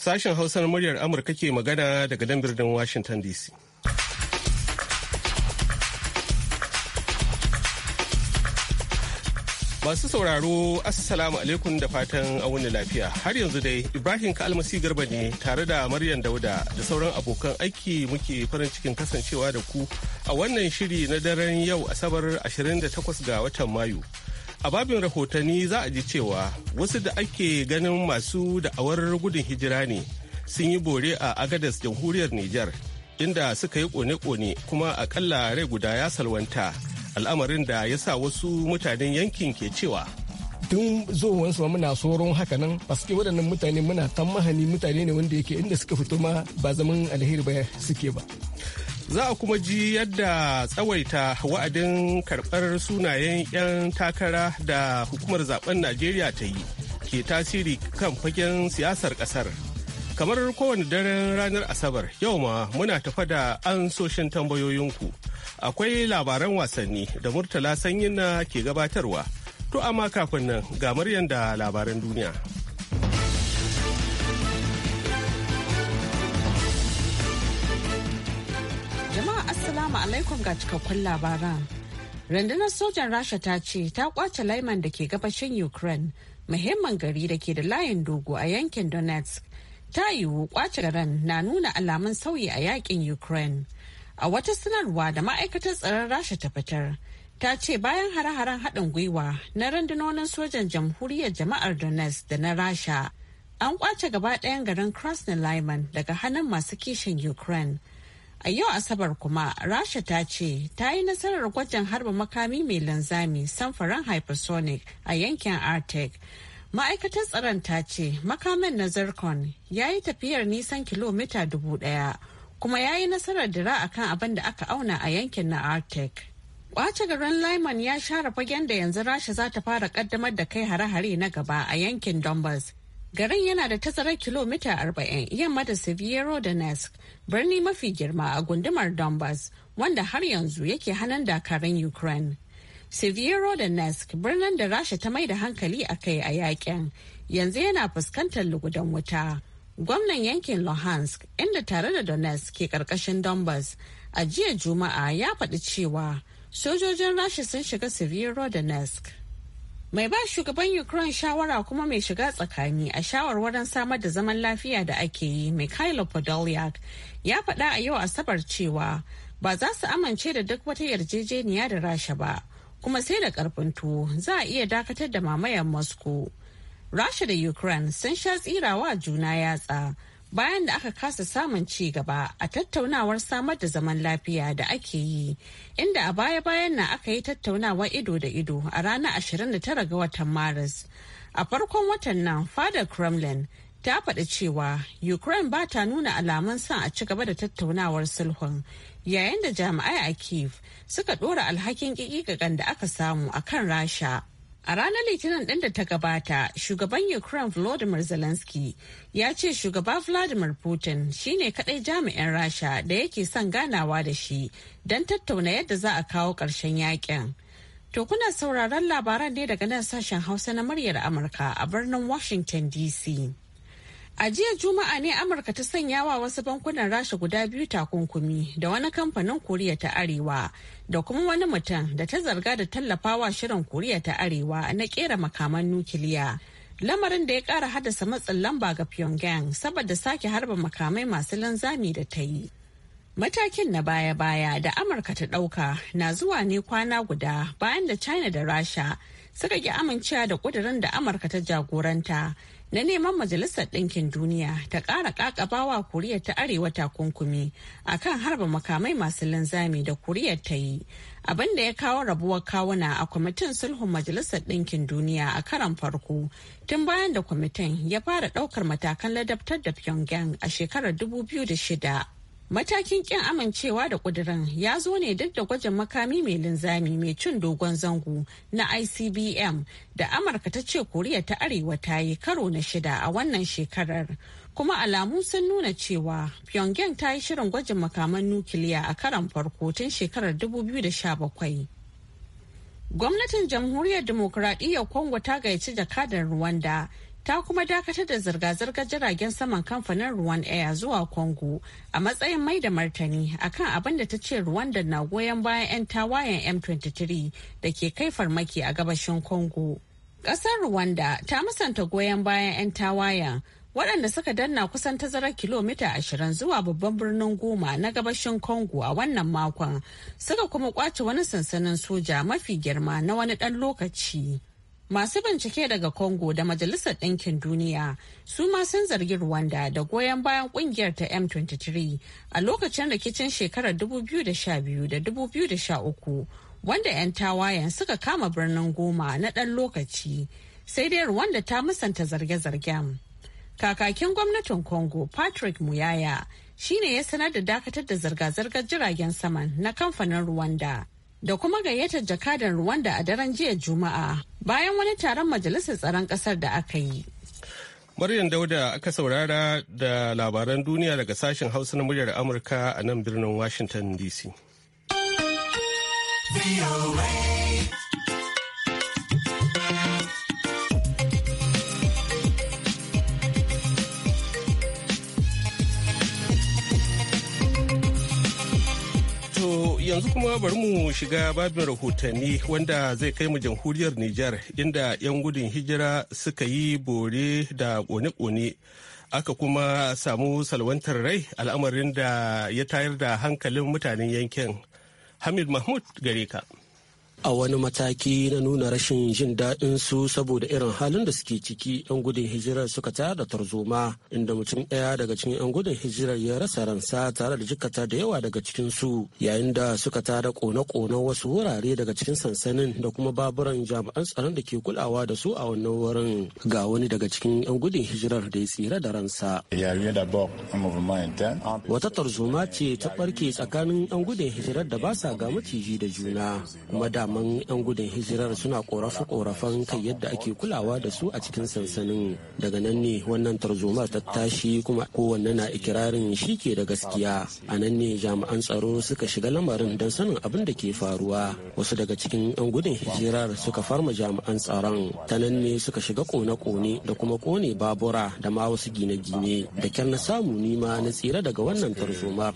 Sashen Hausar muryar Amurka ke magana daga dan birnin Washington DC. Masu sauraro, Assalamu alaikum da fatan wani lafiya. Har yanzu dai, Ibrahim Kalmasi Garba ne tare da Maryam Dauda da sauran abokan aiki muke farin cikin kasancewa da ku a wannan shiri na daren yau Asabar 28 ga watan Mayu. a babin rahotanni za a ji cewa wasu da ake ganin masu da'awar gudun hijira ne sun yi bore a agadas jamhuriyar niger inda suka yi kone-kone kuma akalla rai guda ya salwanta al'amarin da ya sa wasu mutanen yankin ke cewa tun zuwansu muna tsoron haka nan paske waɗannan mutane muna tan mahani mutane ne wanda yake inda suka fito ma ba zaman alheri ba suke ba za a kuma ji yadda tsawaita wa'adin karɓar sunayen 'yan takara da hukumar zaben najeriya ta yi ke tasiri kan fagen siyasar ƙasar kamar kowane daren ranar asabar yau ma muna tafa da ansoshin tambayoyinku akwai labaran wasanni da murtala sanyin na ke gabatarwa to amma kafin nan ga muryan da labaran duniya. Assalamu alaikum ga cikakkun labaran. Rundunar sojan Rasha ta ce ta kwace laiman da ke gabashin Ukraine, muhimman gari da ke da layin dogo a yankin Donetsk. Ta yiwu kwace garin na nuna alamun sauyi a yakin Ukraine. A wata sanarwa da ma'aikatar tsaron Rasha ta fitar, ta ce bayan hare-haren haɗin gwiwa na rundunonin sojan jamhuriyar jama'ar donetsk da na rasha an kwace gaba ɗayan garin krasnodar daga hannun masu kishin ukraine A yau Asabar kuma Rasha ta ce ta yi nasarar gwajin harba makami mai linzami samfuran hypersonic a yankin Arctic. Ma'aikatar tsaron ta ce makamin na Zircon ya yi tafiyar nisan kilomita dubu ɗaya kuma ya yi nasarar dira akan abin da aka auna a yankin na Arctic. Kwace garin Lyman ya share fagen da yanzu Rasha za ta fara kaddamar da kai hare-hare na gaba a yankin Donbass Garin yana da tazarar kilomita 40 yamma da Severo Donetsk, birni mafi girma a gundumar Donbass, wanda har yanzu yake hannun dakarun Ukraine. Severo Donetsk, birnin da Rasha ta mai da hankali a kai a yakin, yanzu yana fuskantar lugudan wuta. Gwamnan yankin Luhansk, inda tare da Donetsk ke karkashin Donbass, a jiya Juma'a ya faɗi cewa sojojin Rasha sun shiga Severo Donetsk. mai ba shugaban ukraine shawara kuma mai shiga tsakani a shawarwarin samar da zaman lafiya da ake yi mikhailo podolyak ya faɗa a yau asabar cewa ba za su amince da duk wata yarjejeniya da rasha ba kuma sai da karfin tuwo za a iya dakatar da mamayan moscow rasha da ukraine sun sha tsirawa juna yatsa bayan da aka kasa samun ci gaba a tattaunawar samar da zaman lafiya da ake yi inda a baya-bayan na aka yi tattaunawa ido da ido a ranar 29 ga watan maris a farkon watan nan fadar kremlin ta faɗi cewa ukraine ba ta nuna alamun son a ci gaba da tattaunawar sulhun yayin da jami'ai a kiev suka ɗora alhakin ƙiƙi ga da aka samu a kan rasha A ranar Litinin ɗin da ta gabata, shugaban Ukraine Volodymyr Zelensky ya ce shugaba Vladimir Putin shine kaɗai jami'in Rasha da yake son ganawa da shi don tattauna yadda za a kawo ƙarshen yakin. To kuna sauraron labaran ne daga nan sashen Hausa na muryar Amurka a birnin Washington DC. A jiya Juma'a ne Amurka ta sanya wa wasu bankunan Rasha guda biyu takunkumi da wani kamfanin Koriya ta Arewa da kuma wani mutum da ta zarga da tallafawa shirin Koriya ta Arewa na kera makaman nukiliya. Lamarin da ya kara haddasa matsin lamba ga Pyongyang saboda sake harba makamai masu linzami da ta yi. Matakin na baya-baya da Amurka ta ɗauka na zuwa ne kwana guda bayan da China da Rasha suka ki amincewa da ƙudurin da Amurka ta jagoranta na neman majalisar ɗinkin duniya ta ƙara ƙaƙabawa koriya ta arewa takunkumi a kan harba makamai masu linzami da kuriya ta yi abin da ya kawo rabuwar kawuna a kwamitin sulhun majalisar ɗinkin duniya a karan farko tun bayan da kwamitin ya fara ɗaukar matakan ladabtar da pyongyang a shekarar 2006 Matakin kin amincewa da kudirin ya zo ne duk da gwajin makami mai linzami mai cin dogon zango na ICBM da Amurka ta ce Koriya ta Arewa ta yi karo na shida a wannan shekarar. Kuma alamu sun nuna cewa Pyongyang ta yi shirin gwajin makaman nukiliya a karan farko tun shekarar 2017. Gwamnatin Jamhuriyar Dimokuraɗiyyar Kongo ta gayyaci jakadar Rwanda ta kuma dakatar da zirga-zirgar jiragen saman kamfanin ruwan air zuwa congo a matsayin mai da martani akan abin da ta ce rwanda na goyon bayan 'yan tawayen m23 da ke kai farmaki a gabashin congo ƙasar rwanda ta musanta goyon bayan 'yan tawayen waɗanda suka danna kusan tazarar kilomita 20 zuwa babban birnin goma na gabashin congo a wannan makon suka kuma kwace wani sansanin soja mafi girma na wani ɗan lokaci. Masu bincike daga Congo da Majalisar Ɗinkin Duniya su ma sun zargi Rwanda da goyon bayan kungiyar ta M23 a lokacin rikicin shekarar 2012 da 2013 wanda 'yan tawayen suka kama birnin Goma na ɗan lokaci sai dai Rwanda ta musanta zarge-zargen. Kakakin gwamnatin Congo Patrick Muyaya shine ya sanar da dakatar da zirga-zirgar jiragen saman na kamfanin Rwanda. da kuma gayyatar jakadan Rwanda a daren jiya Juma'a bayan wani taron majalisar tsaron ƙasar da aka yi. Maryam Dauda aka saurara da labaran duniya daga sashen Hausa na muryar Amurka a nan birnin Washington DC. yanzu kuma bari mu shiga babin rahotanni wanda zai kai mu jamhuriyar Nijar inda 'yan gudun hijira suka yi bore da kone-kone aka kuma samu salwantar rai al'amarin da ya tayar da hankalin mutanen yankin. Hamid Mahmud gare ka. a wani mataki na nuna rashin jin daɗin su saboda irin halin da suke ciki 'yan gudun hijirar suka tara da tarzoma inda mutum ɗaya daga cikin 'yan gudun hijirar ya rasa ransa tare da jikata da yawa daga cikin su yayin da suka tara kone-kone wasu wurare daga cikin sansanin da kuma baburan jami'an tsaron da ke kulawa da su a wannan wurin ga wani daga cikin 'yan gudun hijirar da ya tsira da ransa eh? wata tarzoma ce ta ɓarke tsakanin 'yan gudun hijirar da ba sa ga maciji da juna kuma da malaman 'yan gudun hijirar suna korafe-korafen kai yadda ake kulawa da su a cikin sansanin daga nan ne wannan tarzomar ta tashi kuma kowanne na ikirarin shi ke da gaskiya a nan ne jami'an tsaro suka shiga lamarin don sanin abin da ke faruwa wasu daga cikin 'yan gudun hijirar suka farma jami'an tsaron ta nan ne suka shiga kone-kone da kuma kone babura da ma wasu gine-gine da kyar na samu nima na tsira daga wannan tarzomar.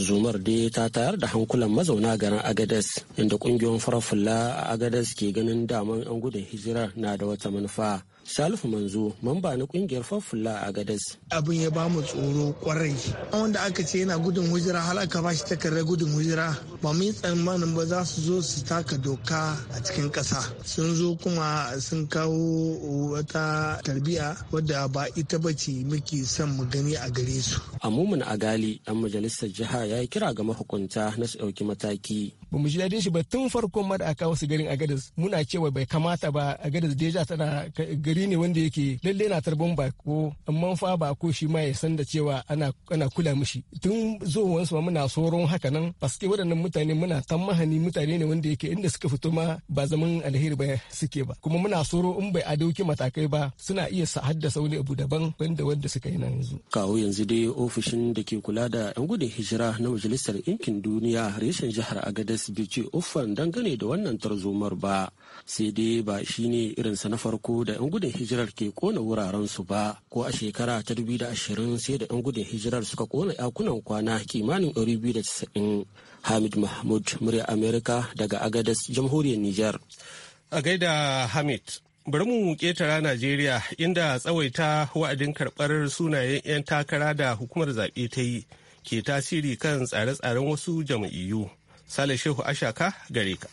zumar dai ta tayar da hankulan mazauna garin agadas inda kungiyoyin farafula a agadas ke ganin daman 'yan gudun hijira na da wata manufa Salifu Manzo, mamba na kungiyar Fafula a Gadas. Abin ya ba mu tsoro kwarai. Wanda aka ce yana gudun hujira hal aka ba shi takardar gudun hujira ba mu yi tsammanin ba za su zo su taka doka a cikin ƙasa. Sun zo kuma sun kawo wata tarbiya wadda ba ita ba ce muke son mu gani a gare su. Amumun Agali, ɗan majalisar jiha ya yi kira ga mahukunta na su ɗauki mataki. Ba mu ji daɗin shi ba tun farkon ma da aka wasu garin Gadas. muna cewa bai kamata ba a Gadas deja tana gari ne wanda yake lalle na tarban bako amma fa bako shi ma ya san da cewa ana ana kula mishi tun zuwan su muna soron haka nan paske waɗannan mutane muna tan mutane ne wanda yake inda suka fito ma ba zaman alheri ba suke ba kuma muna soro in bai a dauki matakai ba suna iya sa haddasa wani abu daban wanda wanda suka yi nan yanzu kawo yanzu dai ofishin da ke kula da yan gudun hijira na majalisar ɗinkin duniya reshen jihar agadez bai ofan dangane da wannan tarzomar ba sai dai ba shi shine irinsa na farko da 'yan gudun hijirar ke kona wuraren su ba ko a shekara ta ashirin sai da 'yan gudun hijirar suka kona yakunan kwana kimanin casa'in hamid mahmud murya amerika daga agadas jamhuriyar niger a gaida hamid bari mu ketara najeriya inda tsawaita wa'adin karbar sunayen 'yan takara da hukumar zaɓe ta yi ke tasiri kan tsare-tsaren wasu jam'iyyu sale shehu ashaka gare ka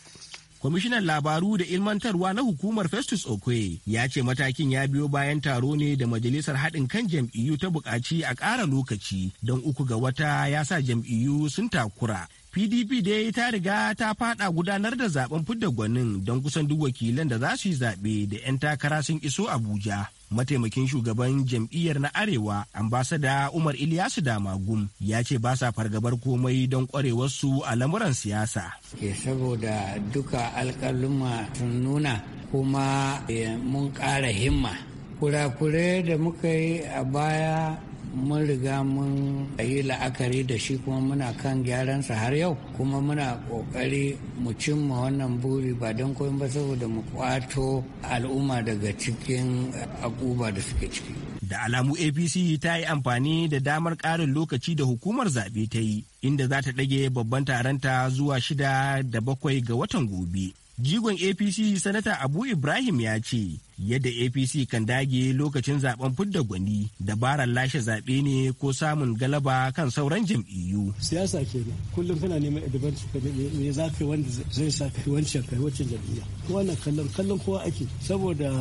kwamishinan labaru da ilmantarwa na hukumar festus okwe ya ce matakin ya biyo bayan taro ne da majalisar haɗin kan jam'iyyu ta buƙaci a ƙara lokaci don uku ga wata ya sa jam'iyyu sun takura pdp da ya yi ta riga ta fada gudanar da zaben fidda gwanin don kusan duk wakilan da za su yi zaɓe da 'yan takara sun iso abuja mataimakin shugaban jam'iyyar na arewa ambasada umar ilyasu damagum ya ce ba sa fargabar komai don kwarewarsu a lamuran siyasa ke eh, saboda duka alkaluma sun nuna kuma eh, mun ƙara himma kurakure da muka yi a baya mun riga mun yi la'akari da shi kuma muna kan gyaransa har yau kuma muna kokari mu cimma wannan buri ba don koyon ba saboda mu kwato al'umma daga cikin akuba da suke ciki da alamu apc ta yi amfani da damar ƙarin lokaci da hukumar zaɓe ta yi inda za ta ɗage babban taronta zuwa shida da bakwai ga watan gobe jigon apc sanata abu ibrahim ya ce yadda apc kan dage lokacin zaben fidda gwani dabarar lashe zaɓe ne ko samun galaba kan sauran jam'iyyu siyasa kenan kullum kana neman advantage ka ne za ka wanda zai sa ka wancan kai wancan jam'iyya wannan kallon kallon kowa ake saboda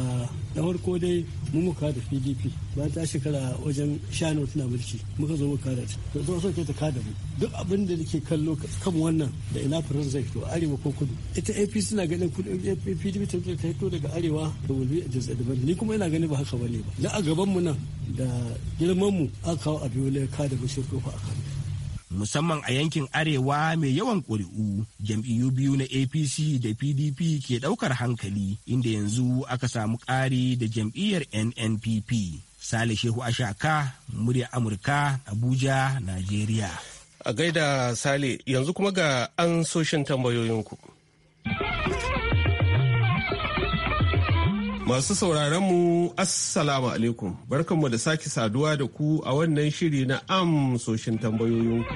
da farko dai mu muka da pdp ba ta shekara wajen shano tana mulki muka zo muka da to don so ke ta kada mu duk abin da nake kallo kan wannan da ina furan zai to arewa ko kudu ita apc na ganin pdp ta fito daga arewa da wulbi Idris ni kuma ina gani ba haka bane ba da a gaban mu nan da girman mu aka kawo ka da a kan musamman a yankin arewa mai yawan ƙuri'u jam'iyyu biyu na apc da pdp ke ɗaukar hankali inda yanzu aka samu ƙari da jam'iyyar nnpp sale shehu ashaka murya amurka abuja najeriya a gaida sale yanzu kuma ga an soshin tambayoyinku Masu sauraronmu Assalamu alaikum, barkanmu da sake saduwa da ku a wannan shiri na amsoshin tambayoyinku.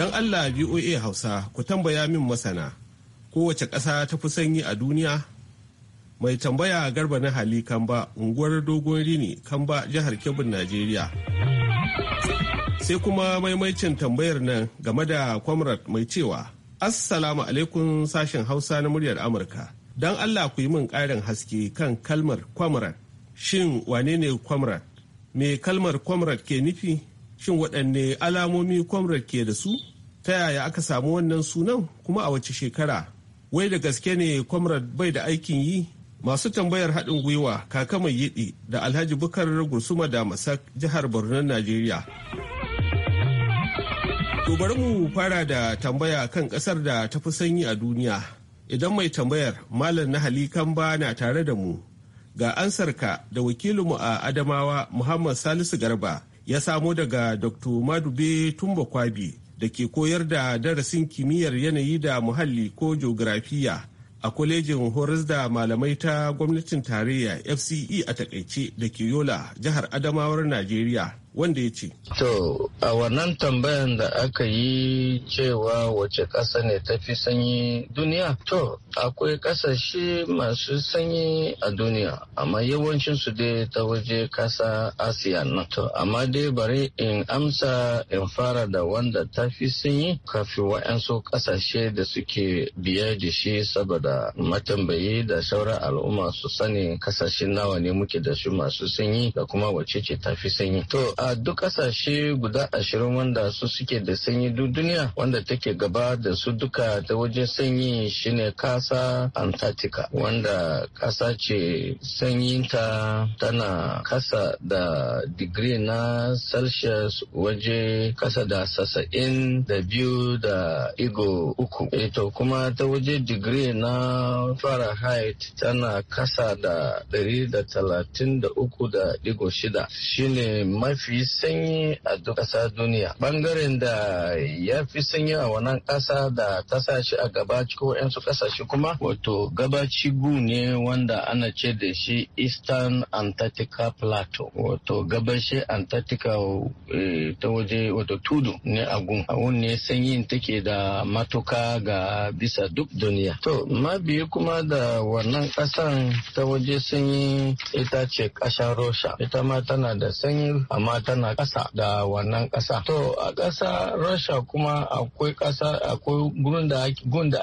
Don Allah VOA Hausa ku tambaya min masana, kowace ƙasa ta fi sanyi a duniya? Mai tambaya garba na hali Kamba, unguwar dogon rini Kamba jihar Kebbin Najeriya. Sai kuma maimaicin tambayar nan game da comrade mai cewa, Assalamu alaikum sashen Hausa na muryar Amurka. don allah ku yi min ƙarin haske kan kalmar kwamrat shin wane ne kwamrat me kalmar kwamrat ke nufi shin waɗanne alamomi kwamrat ke da su ta yaya aka samu wannan sunan kuma a wace shekara wai da gaske ne kwamrat bai da aikin yi masu tambayar haɗin gwiwa kaka mai yiɗi da alhaji bukar gursuma da masak jihar borno najeriya to bari mu fara da tambaya kan ƙasar da ta tafi sanyi a duniya idan mai tambayar malam na kamba na tare da mu ga ansarka da wakilinmu a adamawa muhammad salisu garba ya samo daga dr madube tumba kwabi da ke koyar da darasin kimiyyar yanayi da muhalli ko geografiya a kwalejin horas da malamai ta gwamnatin tarayya fce a takaice da ke yola jihar adamawar najeriya wanda ya ce. To, a wannan tambayan da aka yi cewa wace ƙasa ne ta fi sanyi duniya? To, akwai ƙasashe masu sanyi a duniya, amma su dai ta waje ƙasa Asiya na. To, amma dai bari in amsa in fara da wanda ta fi sanyi kafin wa'yansu ƙasashe da suke biya da shi saboda matambayi da sauran al'umma su sani ƙasashe nawa ne muke da su masu sanyi da kuma wace ce ta fi sanyi. To, a duk kasashe guda ashirin wanda su suke da sanyi duk duniya wanda take gaba da su duka ta wajen sanyi shine kasa antarctica wanda kasa ce sanyinta tana kasa da digiri na celsius waje kasa da sassa'in da biyu da igo uku ito eh, kuma ta waje digiri na fahrenheit tana kasa da ɗari da talatin da uku da igo shida shine mafi fi sanyi a duk ƙasa duniya bangaren da ya fi sanyi a wannan ƙasa da ta sa shi a gabaci ko yansu ƙasashe kuma wato gabaci gu ne wanda ana ce da shi eastern antarctica plateau wato gabashi antarctica eh, ta waje wato tudu ne a gun a ne sanyin take da matuka ga bisa duk duniya to mabiyi kuma da wannan ƙasan ta waje sanyi ita ce ƙasar rosha ita ma tana da sanyi amma tana ƙasa da wannan ƙasa to a ƙasa rasha kuma akwai ƙasa akwai gun da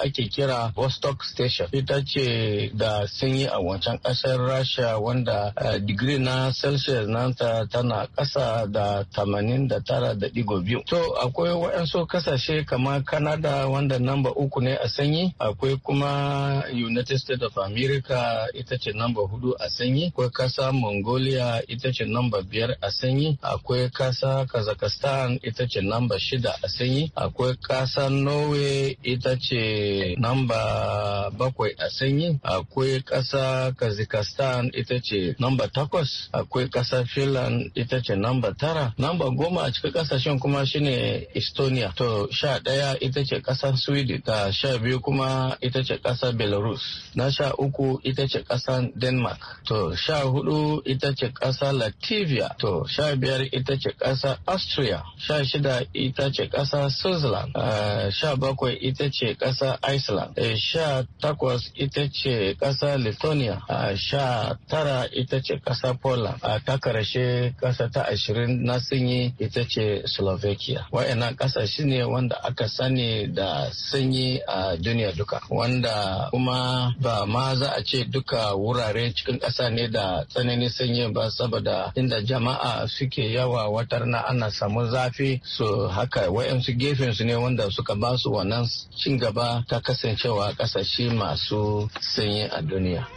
ake kira vostok station ita ce da sanyi a wancan ƙasar rasha wanda eh, digiri na celsius nanta tana ƙasa da tamanin da tara da digo biyu to akwai waɗansu ƙasashe kamar canada wanda namba uku ne a sanyi akwai kuma united states of america ita ce namba hudu a sanyi akwai ƙasa mongolia ita ce namba biyar a sanyi akwai kasa kazakhstan ita ce namba shida a sanyi akwai kasa norway ita ce namba bakwai a sanyi akwai kasa kazakhstan ita ce namba takwas akwai kasa finland ita ce namba tara namba goma a cikin kasashen kuma shine estonia to sha daya ita ce kasar sweden ta sha biyu kuma ita ce kasa belarus na sha uku ita ce kasar denmark to sha hudu ita ce kasa latvia to sha biyar biyar ita ce ƙasa austria sha shida ita ce ƙasa switzerland sha bakwai ita ce ƙasa iceland e, sha takwas ita ce ƙasa lithuania sha tara ita ce ƙasa poland ta karshe ƙasa ta ashirin na sanyi ita ce slovakia wa'annan ƙasashe ne wanda aka sani da sanyi a duniya duka wanda kuma ba ma za a ce duka wurare cikin ƙasa ne da tsananin sanyi ba saboda inda jama'a suke suke yawa watar na ana samu zafi su haka wayansu gefen su ne wanda suka ba su wannan cin gaba ta kasancewa kasashe masu sanyi a duniya.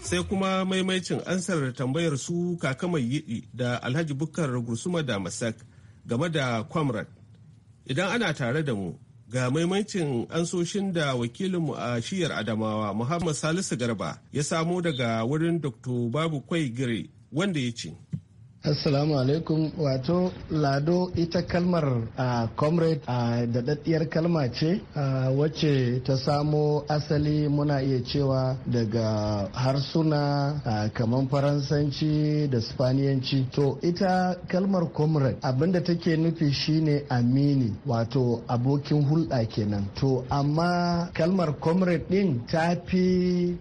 sai kuma maimaicin ansar tambayar su kaka mai yiɗi da alhaji bukkar gursuma da masak game da comrade idan ana tare da mu ga maimaicin ansoshin da wakilinmu a shiyar adamawa muhammad salisu garba ya samo daga wurin dr babu kwai wanda ya ce Assalamu alaikum wato lado ita kalmar a comrade a daɗaɗɗiyar kalma ce wacce ta samo asali muna iya cewa daga harsuna kamar faransanci da spaniyanci to ita kalmar comrade abinda take nufi shine amini wato abokin hulɗa kenan to amma kalmar comrade ɗin ta fi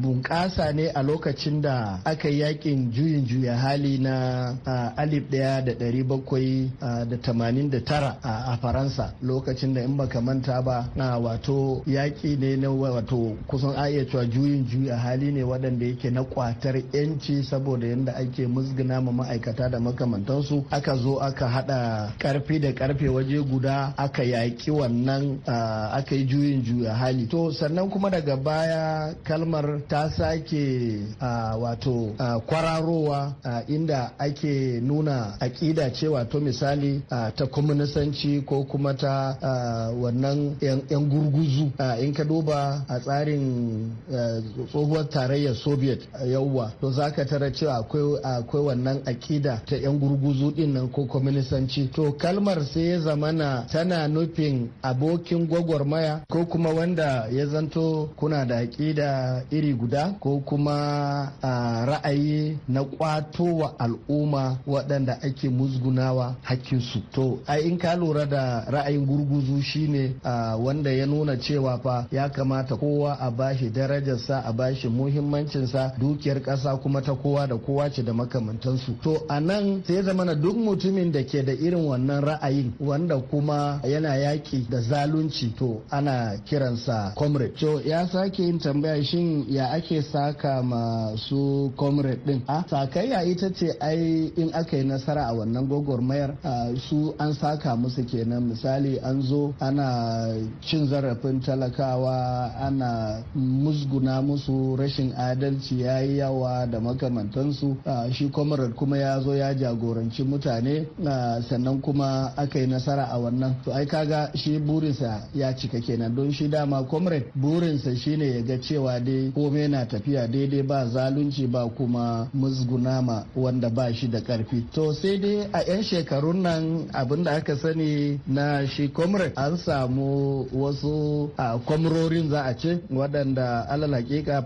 bunƙasa ne a lokacin da aka yakin juyin juya hali na na alif ɗaya da ɗari bakwai da tamanin da tara a faransa lokacin da in baka manta ba na wato yaƙi ne na wato kusan a cewa juyin juya hali ne waɗanda yake na kwatar yanci saboda yadda ake musgina ma ma'aikata da makamantansu aka zo aka haɗa ƙarfi da ƙarfe waje guda aka yaƙi wannan aka yi juyin juya hali to sannan kuma daga baya kalmar ta sake wato kwararowa inda ake nuna aƙida cewa to misali ta kwaminisanci ko kuma ta wannan 'yan gurguzu in ka duba a tsarin tsohuwar tarayyar soviet yauwa to za ka tara cewa akwai wannan aƙida ta 'yan gurguzu din nan ko kwaminisanci to kalmar sai ya zamana tana nufin abokin gwagwarmaya ko kuma wanda ya zanto kuna da aƙida iri guda ko kuma ra'ayi na kwato wa al'umma waɗanda ake musgunawa hakkinsu to a in ka lura da ra'ayin gurguzu shine wanda ya nuna cewa fa ya kamata kowa a bashi darajarsa a bashi muhimmancinsa dukiyar ƙasa kuma ta kowa da kowa ce da makamantansu to a nan sai zama duk mutumin da ke da irin wannan ra'ayin wanda kuma yana yaƙi da zalunci to ana kiransa comrade to ya sake yin tambaya shin ya ake saka masu comrade din a sakayya ita ce ai in aka yi nasara a wannan gwagwarmayar su an saka musu kenan misali an zo ana cin zarafin talakawa ana musguna musu rashin adalci ya yi yawa da makamantansu shi comrade kuma ya zo ya jagoranci mutane sannan kuma aka yi nasara a wannan to ai kaga shi burinsa ya cika kenan don shi dama comrade burinsa shine ya ga cewa dai komai na tafiya daidai ba zalunci ba kuma musguna ma wanda ba shi da karfi to sai dai a 'yan shekarun nan abin da aka sani na shi comrade an samu wasu a kwamrorin za a ce waɗanda alal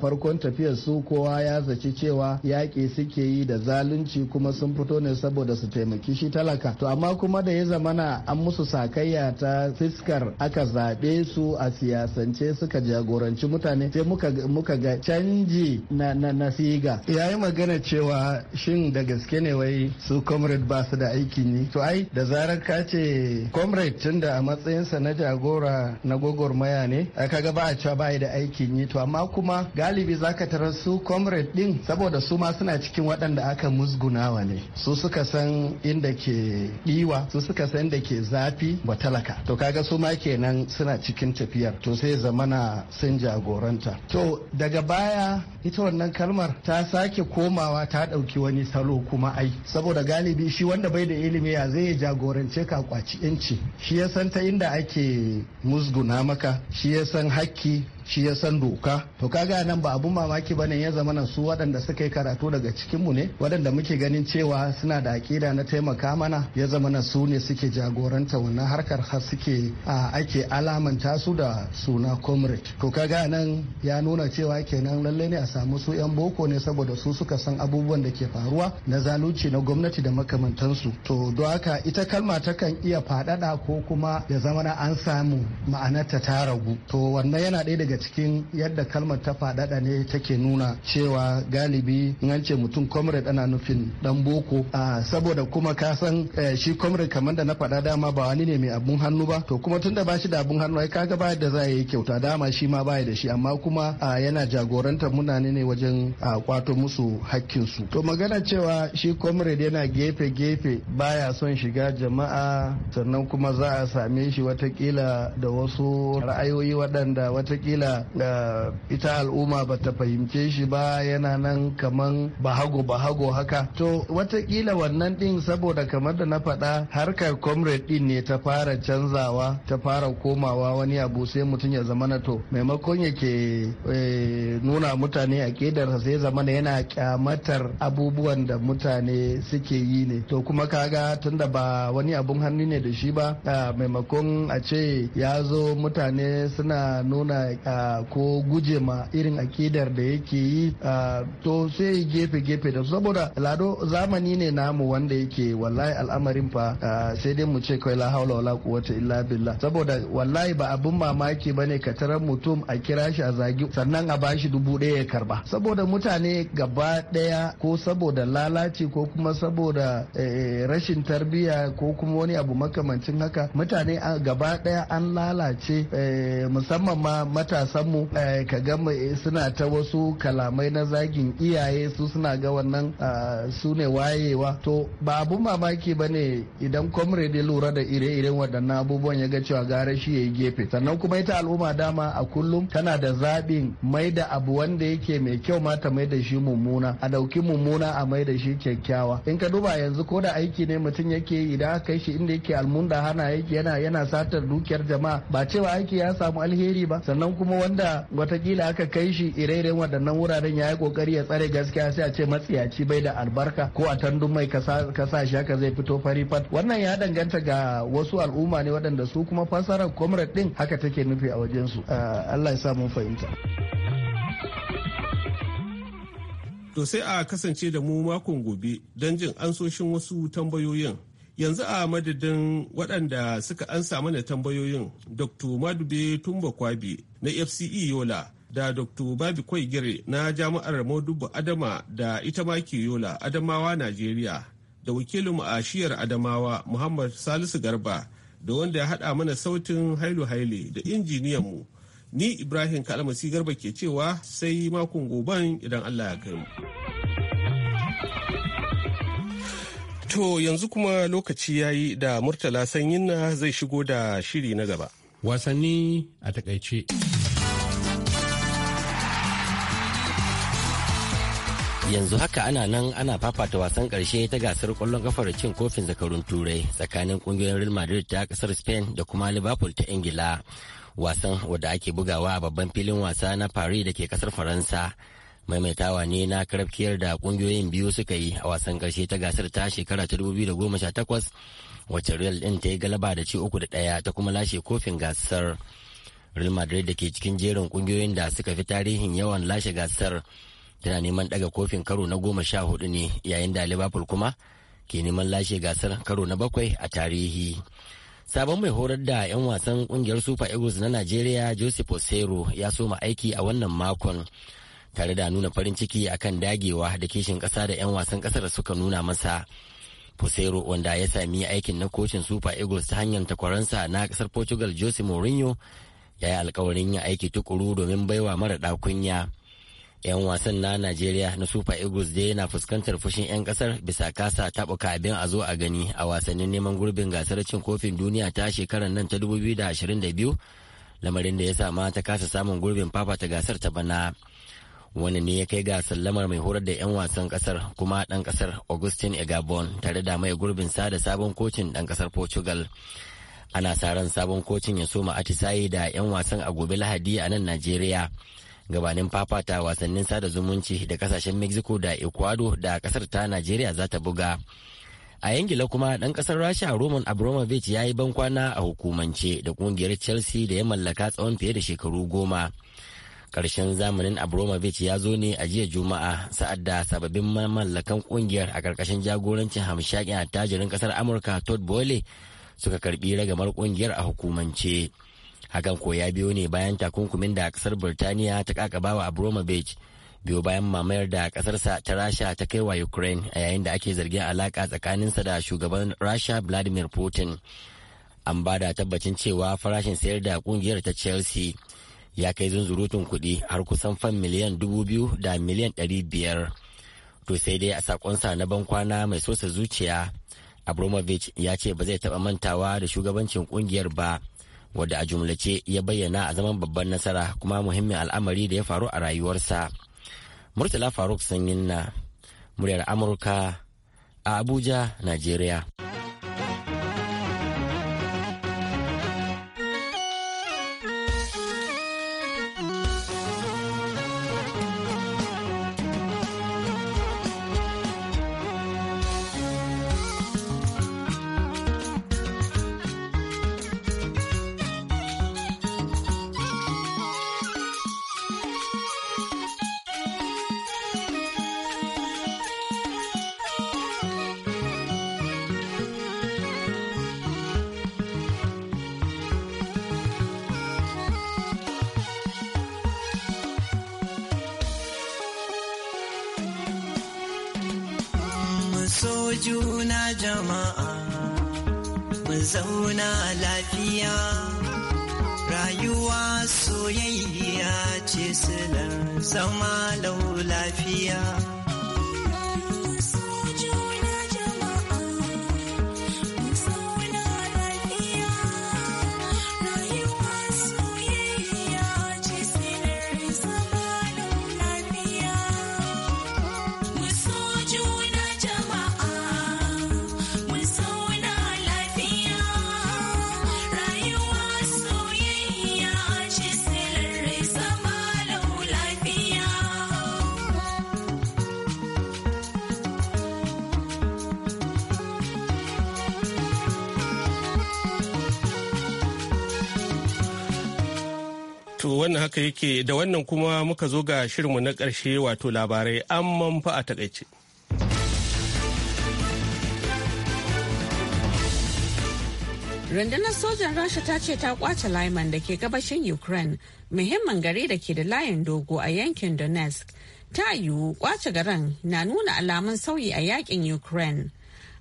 farkon tafiyar su kowa ya zaci cewa yaƙi suke yi da zalunci kuma sun fito ne saboda su taimaki shi talaka to amma kuma da ya zamana an musu sakayya ta fiskar aka zaɓe su a siyasance suka jagoranci mutane sai muka, ga canji na, siga ya yi magana cewa shin daga gaske ne wai su comrade ba su da aikin yi to ai da zarar ka ce comrade tun da a matsayinsa na jagora na maya ne aka ga ba a cewa ba da aikin yi to amma kuma galibi za ka tarar su comrade din saboda su ma suna cikin waɗanda aka musgunawa ne su suka san inda ke ɗiwa su suka san inda ke zafi ba talaka to kaga su ma kenan suna cikin tafiyar to sai zamana sun jagoranta to daga baya ita wannan kalmar ta sake komawa ta ɗauki wani salo kuma ai saboda galibi shi wanda bai da ilimi ya zai jagorance ka kwaci yanci shi ya san ta inda ake musguna maka shi ya san hakki shi ya san doka to kaga nan ba abun mamaki bane ya zama su waɗanda suka yi karatu daga cikin mu ne waɗanda muke ganin cewa suna da aƙida na taimaka mana ya zama su ne suke jagoranta wannan harkar har suke ake alamanta su da suna comrade to kaga nan ya nuna cewa kenan lalle ne a samu su yan boko ne saboda su suka san abubuwan da ke faruwa na zalunci na gwamnati da makamantansu to don haka ita kalma takan iya faɗaɗa ko kuma ya zama an samu ma'anarta ta ragu to wannan yana ɗaya daga daga cikin yadda kalmar ta faɗaɗa ne take nuna cewa galibi in mutum comrade ana nufin dan boko saboda kuma ka san eh, shi comrade kamar da na faɗa dama ba wani ne mai abun hannu ba to kuma tunda ba shi da abun hannu ai kaga ba da za yi kyauta dama shi ma ba da shi amma kuma yana jagorantar mutane ne wajen kwato musu hakkin su to magana cewa shi comrade yana gefe-gefe baya son shiga jama'a sannan kuma za a same shi watakila da wasu ra'ayoyi waɗanda watakila wanda ita al'umma ba ta fahimce shi ba yana nan kamar bahago bahago haka to watakila wannan din saboda kamar da na faɗa harkar comrade din ne ta fara canzawa ta fara komawa wani abu sai mutum ya zama na to maimakon yake eh, nuna mutane a kedar sai zama yana kyamatar abubuwan da mutane suke yi ne to kuma kaga tunda ba wani abun hannu ne da shi ba ah, maimakon a ce ya zo mutane suna nuna ko guje ma irin akidar da yake yi to sai gefe-gefe da saboda lado zamani ne namu wanda yake wallahi al'amarin fa sai dai mu ce kai la haula wala quwwata illa billah saboda wallahi ba abun mamaki bane ka tarar mutum a kira shi a zagi sannan a bashi dubu ɗaya ya karba saboda mutane gaba ɗaya ko saboda lalaci ko kuma saboda eh, eh, rashin tarbiyya ko kuma wani abu makamancin haka mutane gaba ɗaya an lalace eh, musamman ma matasa mu eh, ka ga eh, suna ta wasu kalamai na zagin iyaye su suna ga wannan ah, su ne wayewa to ba abun mamaki ba ne idan comrade lura da ire-iren waɗannan abubuwan ya ga cewa gara shi ya yi gefe sannan kuma ita al'umma dama a kullum tana da zaɓin mai da abu wanda yake mai kyau ma ta mai da shi mummuna a ɗauki mummuna a mai da shi kyakkyawa in ka duba yanzu ko da aiki ne mutum yake yi idan aka kai shi inda yake almunda hana yake yana yana satar dukiyar jama'a ba cewa aiki ya samu alheri ba sannan kuma kuma wanda watakila aka kai shi ire-iren waɗannan wuraren ya yi ƙoƙari ya tsare gaskiya sai a ce matsiyaci bai da albarka ko a tandun mai kasa shi haka zai fito fari fat wannan ya danganta ga wasu al'umma ne waɗanda su kuma fasarar comrade ɗin haka take nufi a wajen su ah, Allah ya sa mun fahimta to sai a kasance da mu makon gobe don jin ansoshin wasu tambayoyin yanzu a madadin waɗanda suka ansa mana tambayoyin dr madube tumba kwabi na fce yola da dr babi kwai gire na jami'ar modubu adama da ita maki yola adamawa najeriya da wakilinmu a shiyar adamawa muhammad salisu garba da wanda ya haɗa mana sautin hailu haile da injiniyanmu ni ibrahim kalmasi garba ke cewa sai makon goban idan allah ya kai mu. To yanzu kuma lokaci ya yi da Murtala Sanyin na zai shigo da shiri na gaba. Wasanni a takaice. yanzu haka ana nan ana fafata wasan ƙarshe ta gasar kwallon kafar cin kofin zakarun turai tsakanin ƙungiyoyin real madrid ta kasar spain da kuma liverpool ta ingila wasan wadda ake bugawa a babban filin wasa na paris da ke kasar faransa maimaitawa ne na karafkiyar da kungiyoyin biyu suka yi a wasan karshe ta gasar ta shekara ta 2018 wacce real din ta yi galaba da ci uku da ɗaya ta kuma lashe kofin gasar real madrid da ke cikin jerin kungiyoyin da suka fi tarihin yawan lashe gasar tana neman daga kofin karo na goma sha hudu ne yayin da liverpool kuma ke neman lashe gasar karo na bakwai a tarihi sabon mai horar da 'yan wasan kungiyar super eagles na nigeria joseph osero ya soma aiki a wannan makon tare da nuna farin ciki akan dagewa da kishin kasa da 'yan wasan ƙasar suka nuna masa Fusero wanda ya sami aikin na kocin Super Eagles ta hanyar takwaransa na kasar Portugal Jose Mourinho ya yi alkawarin yin aiki tukuru domin baiwa mara kunya. 'Yan wasan na Najeriya na Super Eagles dai yana fuskantar fushin 'yan kasar bisa kasa taɓuka abin a zo a gani a wasannin neman gurbin gasar cin kofin duniya ta shekarar nan ta 2022 lamarin da ya sama ta kasa samun gurbin fafata gasar ta bana. wani ne ya kai ga sallamar mai horar da 'yan wasan kasar kuma dan kasar augustin egabon tare da mai gurbin sa da sabon kocin dan kasar portugal ana sa ran sabon kocin ya soma atisaye da 'yan wasan a gobe lahadi a nan najeriya gabanin fafata wasannin sada zumunci da kasashen mexico da ecuador da kasar ta najeriya za ta buga a yangila kuma dan kasar rasha roman abramovich ya yi bankwana a hukumance da kungiyar chelsea da ya mallaka tsawon fiye da shekaru goma. Karshen zamanin Abramovich ya zo ne a jiya Juma'a sa'ad da sababbin mallakan kungiyar a karkashin jagorancin hamshakin attajirin kasar Amurka Todd Boyle suka karbi ragamar kungiyar a hukumance. Hakan ko ya biyo ne bayan takunkumin da kasar Birtaniya ta kakabawa Abramovich biyo bayan mamayar da kasarsa ta rasha ta kai wa ukraine a yayin da ake zargin alaka tsakaninsa da shugaban rasha vladimir putin an ba da tabbacin cewa farashin sayar da kungiyar ta chelsea ya kai zunzurutun kuɗi har kusan fan miliyan dubu biyu da miliyan ɗari biyar. To sai dai a sakonsa na bankwana mai sosa zuciya, Abramovich ya ce ba zai taɓa mantawa da shugabancin ƙungiyar ba, wadda a jumlace ya bayyana a zaman babban nasara kuma muhimmin al'amari da ya faru a rayuwarsa. Murtala Faruk Sanyin na muryar Amurka a Abuja, Najeriya. so juna jama'a mu zauna lafiya rayuwa soyayya ce silar zama lau lafiya wannan haka yake da wannan kuma muka zo ga shirinmu na ƙarshe wato labarai an manfa a takaice. rundunar sojan rasha ta ce ta kwace Laiman da ke gabashin ukraine muhimmin gari da ke da layin dogo a yankin donetsk ta yiwu kwace garin na nuna alamun sauyi a yakin ukraine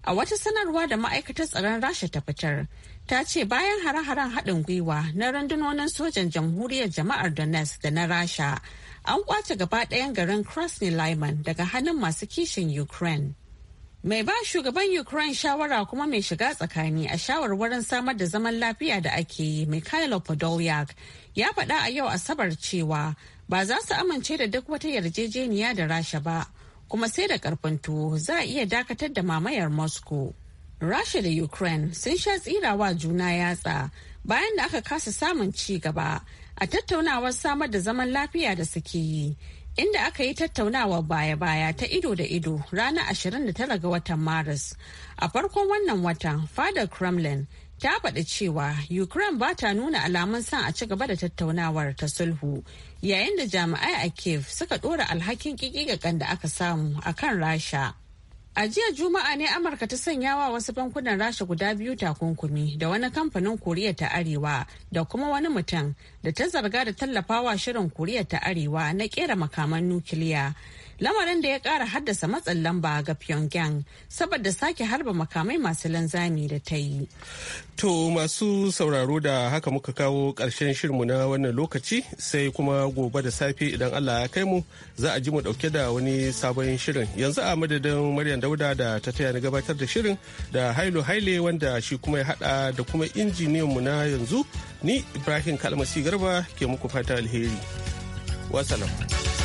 a wata sanarwa da ma'aikatar tsaron rasha ta fitar ta ce bayan hare-haren haɗin gwiwa na rundunonin sojan jamhuriyar jama'ar donetsk da na rasha an kwace gaba ɗayan garin krasny lyman daga hannun masu kishin ukraine mai ba shugaban ukraine shawara kuma mai shiga tsakani a shawarwarin samar da zaman lafiya da ake yi mikhailo podolyak ya faɗa a yau asabar cewa ba za su amince da duk wata yarjejeniya da rasha ba kuma sai da karfin tuwo za a iya dakatar da mamayar moscow Rasha da Ukraine sun sha tsirawa juna yatsa bayan da aka kasa samun ci gaba a tattaunawar samar da zaman lafiya da suke yi. Inda aka yi tattaunawar baya-baya ta ido da ido ranar 29 ga watan Maris. A farkon wannan watan, Fadar Kremlin ta faɗi cewa Ukraine ba ta nuna alamun son a ci gaba da tattaunawar ta sulhu yayin da jami'ai a Kiev suka ɗora alhakin ƙiƙiƙaƙan da aka samu a kan Rasha. A jiya Juma'a ne Amurka ta sanya wa wasu bankunan Rasha guda biyu takunkumi da wani kamfanin Koriya ta Arewa da kuma wani mutum da ta zarga da tallafawa shirin Koriya ta Arewa na kera makaman nukiliya. lamarin da ya kara haddasa matsin lamba ga pyongyang saboda sake harba makamai masu linzami da ta yi to masu sauraro da haka muka kawo ƙarshen shirmu na wannan lokaci sai kuma gobe da safe idan allah ya kai mu za a ji mu ɗauke da wani sabon shirin yanzu a madadin maryam dauda da ta taya ni gabatar da shirin da hailu haile wanda shi kuma ya hada da kuma injiniyanmu na yanzu ni ibrahim kalmasi garba ke muku fata alheri wasalam